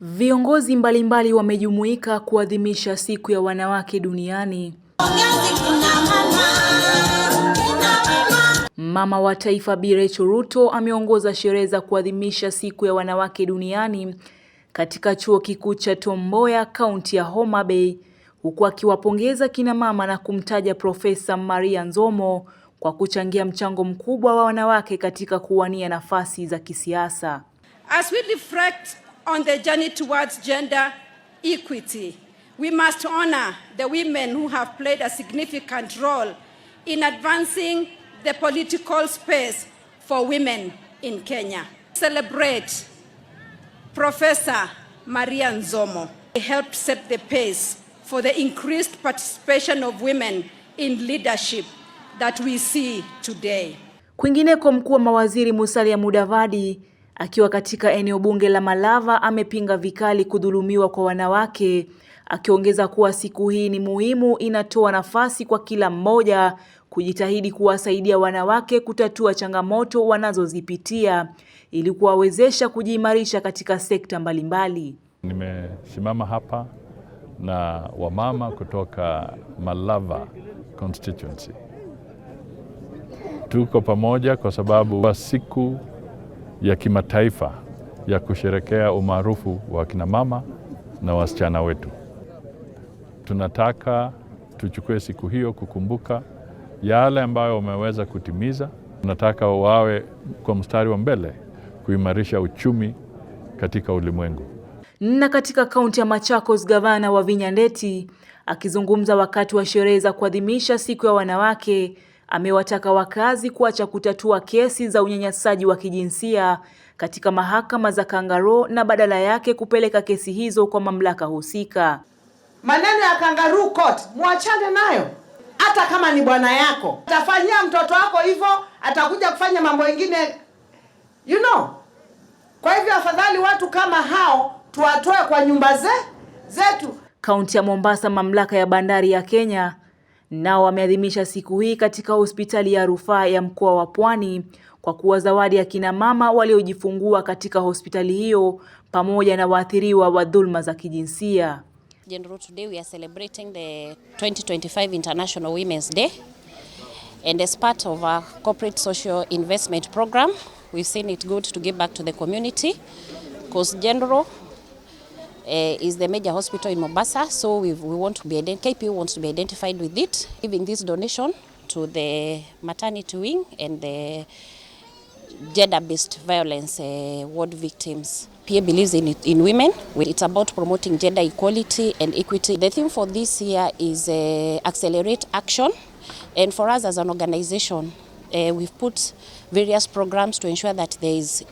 Viongozi mbalimbali wamejumuika kuadhimisha siku ya wanawake duniani. Mama wa Taifa Bi Rachel Ruto ameongoza sherehe za kuadhimisha siku ya wanawake duniani katika Chuo Kikuu cha Tom Mboya, kaunti ya Homa Bay, huku akiwapongeza kina mama na kumtaja Profesa Maria Nzomo kwa kuchangia mchango mkubwa wa wanawake katika kuwania nafasi za kisiasa. As we reflect on the journey towards gender equity. We must honor the women who have played a significant role in advancing the political space for women in Kenya. Celebrate Professor Maria Nzomo. He helped set the pace for the increased participation of women in leadership that we see today. Kwingineko, mkuu wa mawaziri Musalia Mudavadi Akiwa katika eneo bunge la Malava amepinga vikali kudhulumiwa kwa wanawake, akiongeza kuwa siku hii ni muhimu, inatoa nafasi kwa kila mmoja kujitahidi kuwasaidia wanawake kutatua changamoto wanazozipitia ili kuwawezesha kujiimarisha katika sekta mbalimbali. Nimesimama hapa na wamama kutoka Malava constituency, tuko pamoja kwa sababu wa siku ya kimataifa ya kusherekea umaarufu wa kinamama na wasichana wetu. Tunataka tuchukue siku hiyo kukumbuka yale ambayo wameweza kutimiza. Tunataka wawe kwa mstari wa mbele kuimarisha uchumi katika ulimwengu. Na katika kaunti ya Machakos, gavana wa Vinya Ndeti akizungumza wakati wa sherehe za kuadhimisha siku ya wanawake amewataka wakazi kuacha kutatua kesi za unyanyasaji wa kijinsia katika mahakama za kangaroo na badala yake kupeleka kesi hizo kwa mamlaka husika. Maneno ya kangaroo court muachane nayo. Hata kama ni bwana yako atafanyia mtoto wako hivyo, atakuja kufanya mambo mengine you know. Kwa hivyo afadhali watu kama hao tuwatoe kwa nyumba ze, zetu. Kaunti ya Mombasa, mamlaka ya bandari ya Kenya nao wameadhimisha siku hii katika hospitali ya rufaa ya mkoa wa Pwani kwa kuwa zawadi ya kina mama waliojifungua katika hospitali hiyo pamoja na waathiriwa wa dhulma za kijinsia. General, today we are celebrating the 2025 International Women's Day and as part of our corporate social investment program we've seen it good to give back to the community because general uh, is the major hospital in Mombasa so we, we want to be KPU wants to be identified with it giving this donation to the maternity wing and the gender-based violence uh, ward victims. PA believes in, it, in women. It's about promoting gender equality and equity. The theme for this year is uh, accelerate action. And for us as an organization, uh, we've put various programs to ensure that there is